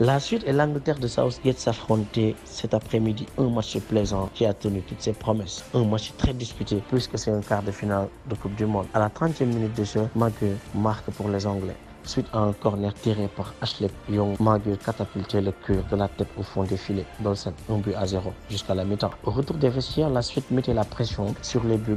La Suisse et l'Angleterre de Southgate s'affrontaient cet après-midi. Un match plaisant qui a tenu toutes ses promesses. Un match très disputé puisque c'est un quart de finale de Coupe du Monde. À la 30e minute de jeu, Maguire marque pour les Anglais. Suite à un corner tiré par Ashley Young, Maguire catapultait le cœur de la tête au fond des filets. un but à zéro jusqu'à la mi Au retour des vestiaires, la suite mettait la pression sur les buts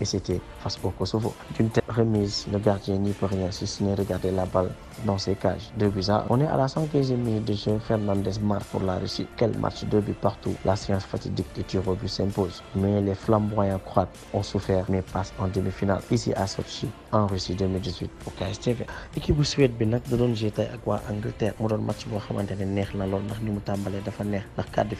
et c'était Kosovo. D'une remise, le gardien n'y peut si ce n'est la balle dans ses cages. Deux buts à On est à la 115 de jeu. Fernandez marque pour la Russie. Quel match, partout. La séance fatidique de tir au but s'impose. Mais les flamboyants croates ont souffert mais passent en demi-finale. Ici à Sochi, en Russie pour KSTV. équipe Suède bi nag da doon jouer ak waa Angleterre mu doon match boo xamante neex na lool ndax mu tàmbalee dafa neex ndax quart de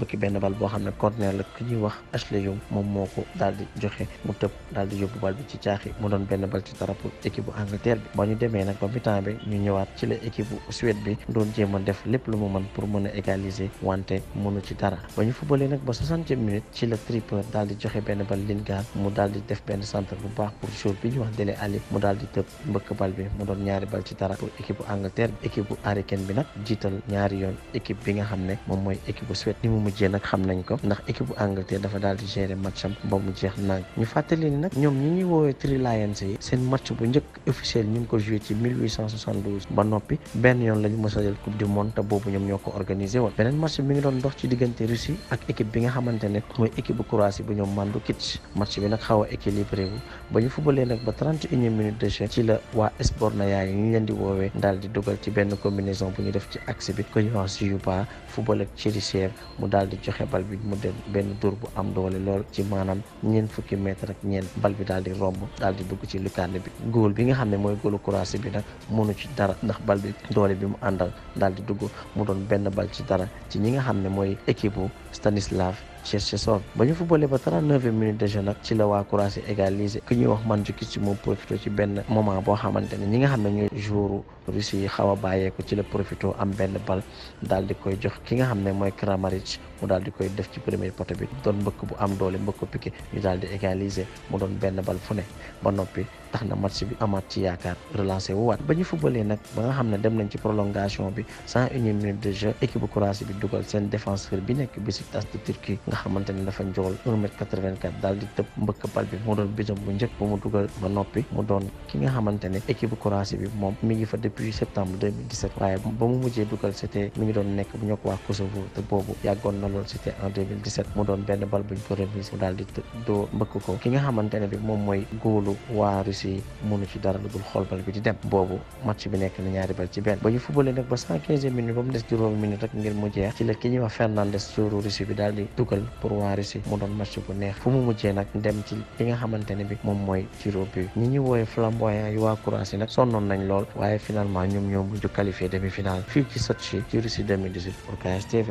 bëkki benn bal ne corner la moo ko daal di joxe mu tëb daal di yóbbu bal bi ci caaxi mu doon benn bal ci tarapu équipe bu Angleterre bi ba ñu demee nag ba mi-temps bi ñu ci dara ba ñu footballee nag ba soixantième minute ci la triple daal di joxe benn bal Lingard mu daal di def benn centre bu baax pour jour bi ñu wax di tëb mbëkk bal bi mu doon ñaari bal ci dara pour équipe bu Angleterre équipe bi nag jiital ñaari yoon équipe bi nga xam ne moom mooy équipe bu ni mu mujjee nag xam nañ ko ndax équipe bu dafa daal di gérer matcham ba mu jeex nang ñu fàttali ni nag ñoom ñi ñuy woowee Three yi seen match bu njëkk officiel ñu ngi ko joué ci ba noppi benn yoon lañu mës jël coupe du monde te boobu ñoom ñoo ko organisé woon beneen match bi mi doon dox ci diggante Russie ak équipe bi nga xamante mooy équipe bu bu ñoom Mandžukić match bi nag xaw a ba ñu fubalee nag ba 31e minute de daal di joxe bal bi mu dem benn tour bu am doole lool ci maanaam ñeent fukki mètre ak ñeent bal bi daal di romb daal di dugg ci lucarne bi góol bi nga xam ne mooy góolu Croatie bi nag mënu ci dara ndax bal bi doole bi mu àndal daal di dugg mu doon benn bal ci dara ci ñi nga xam ne mooy équipe bu Stanislav Chelsea sol ba ñu footballé ba 39e minute de jeu nag ci la waa Croatie égaliser ku ñuy wax Mandzukic ci moom profito ci benn moment boo xamante ne ñi nga xam ne ñooy joueur Russie yi xaw a bàyyeeku ci la profito am benn bal daal di koy jox ki nga xam ne mooy Kramaric mu daal di koy def ci premier poteau bi doon mbëkk bu am doole mbëkk piqué ñu daal di égaliser mu doon benn bal fu ne ba noppi tax na mat bi amaat ci yaakaar relancé wu waat ba ñu footballé nag ba nga xam ne dem nañ ci prolongation bi cent unième minute bi dugal seen défenseur bi nekk xamante ne dafa njool 1 mètre 84 daal njëkk bu mu dugal ba noppi mu doon ki nga xamante équipe Croatie bi moom mooy góolu waa Russie mënu ci dara lu dul xool bal bi di dem boobu match bi nekk na ñaari bal ci benn ba ñu fubalee nag ba cent quinzième minute ba mu des juróomi minute rek ngir mu jeex ci la ki ñuy wax Fernandes sóoru Russie bi daal di dugal Liverpool pour waa Russie mu doon match bu neex fu mu mujjee nag dem ci li nga xamante bi moom mooy tiro bi ñi ñu woowe flamboyant yi waa Croatie nag sonnoon nañ lool waaye finalement ñoom ñoo mujj qualifié demi-finale fii ci Sotchi ci Russie 2018 pour KS TV